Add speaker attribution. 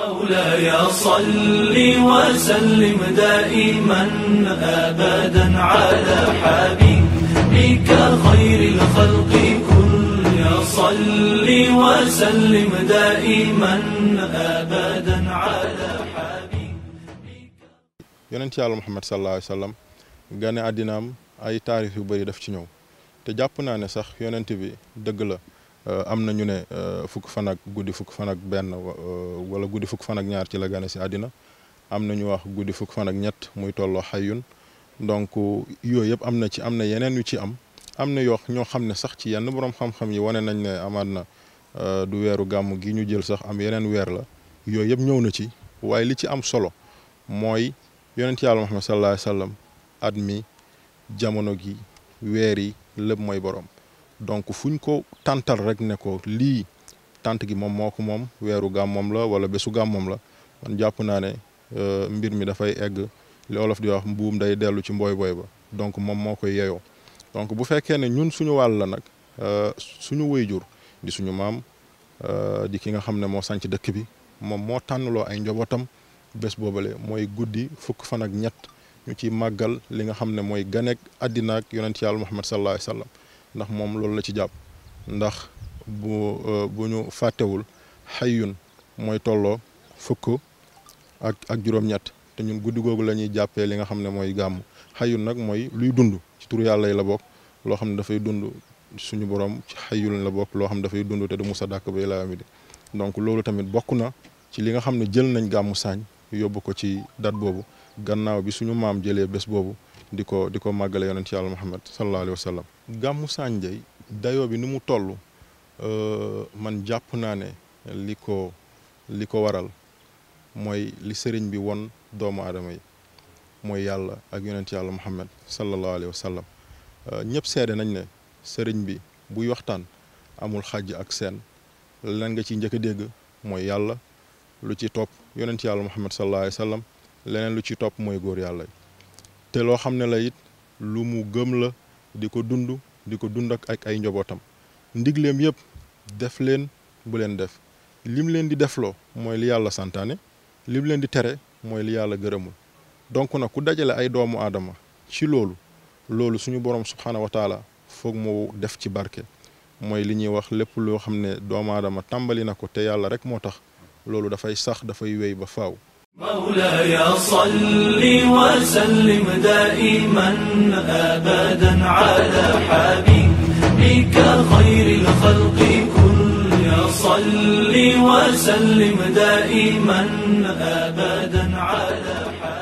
Speaker 1: مولاي صل وسلم دائما ابدا على حبيبك خير الخلق كل صل وسلم دائما ابدا على حبيبك
Speaker 2: يونت محمد صلى الله عليه وسلم غاني ادينام اي تاريخ yu bari daf ci ñew te japp na ne sax yonent bi Euh, am na ñu ne euh, fukk fan ak guddi fukk fan ak benn euh, wala guddi fukk fan ak ñaar ci la gane si àddina am na ñu wax guddi fukk fan ak ñett muy tolloo xayyun donc yooyu yëpp am na ci am na yeneen yu ci am am na yoo ñoo xam ne sax ci yenn borom xam-xam yi wane nañ ne amaat na du weeru gàmm gi ñu jël sax am yeneen weer la yooyu yëpp ñëw na ci waaye li ci am solo mooy yonent yàlla Muhammad sallallahu at mi jamono gi weer yi lépp mooy borom. donc fu ñu ko tàntal rek ne ko lii tànt gi moom moo ko moom weeru gàmmoom la wala bésu gàmmoom la man jàpp naa ne euh, mbir mi dafay egg li olof di wax mbuum day dellu ci mbooy booy ba donc moom moo koy yeyoo donc bu fekkee ne ñun suñu wàll la nag euh, suñu wayjur di suñu maam euh, di ki nga xam ne moo sanc dëkk bi moom moo tànnaloo ay njabootam bés boobale mooy guddi fukk fan ak ñett ñu ci màggal li nga xam ne mooy ganeeg àddina ak yonent yàlla Muhammad sallallahu ndax moom loolu la ci jàpp ndax bu euh, bu ñu fàttewul yun mooy tolloo fukk ak ak juróom-ñett te ñun guddi googu la ñuy jàppee li nga xam ne mooy gàmm xayyun nag mooy luy dund ci turu yàlla yi la bokk loo xam ne dafay dund suñu borom ci xayyul la bokk loo xam ne dafay dund te du musa dàkk ba ilaa mi di donc loolu tamit bokk na ci li nga xam ne jël nañ gàmmu saañ yóbbu ko ci dat boobu gannaaw bi suñu maam jëlee bés boobu di ko di ko màggale yonent ci yàlla Muhammad sallallahu alayhi wa sallam gàmmu Sandié dayo bi ni mu toll euh, man jàpp naa ne li ko li ko waral mooy li sëriñ bi won doomu aadama yi mooy yàlla ak yonent yàlla Muhammad sallallahu alayhi wa sallam euh, ñëpp seede nañ ne sëriñ bi buy waxtaan amul xaj ak seen lan nga ci njëkk a dégg mooy yàlla lu ci topp yonent yàlla Muhammad sallallahu alayhi leneen lu ci topp mooy góor yàlla te loo xam ne la it lu mu gëm la di ko dund di ko dund ak ay njobootam ndigleem yëpp def leen bu leen def lim leen di defloo mooy li yàlla santaane lim leen di tere mooy li yàlla gërëmul donc na ku dajale ay doomu aadama ci loolu loolu suñu borom subxanahu foog mu def ci barke mooy li ñuy wax lépp loo xam ne doomu aadama tàmbali na ko te yàlla rek moo tax loolu dafay sax dafay wéy ba faaw.
Speaker 1: مولاي صل وسلم دائما ابدا على حبيبك خير الخلق كل صل وسلم دائما ابدا على حبيبك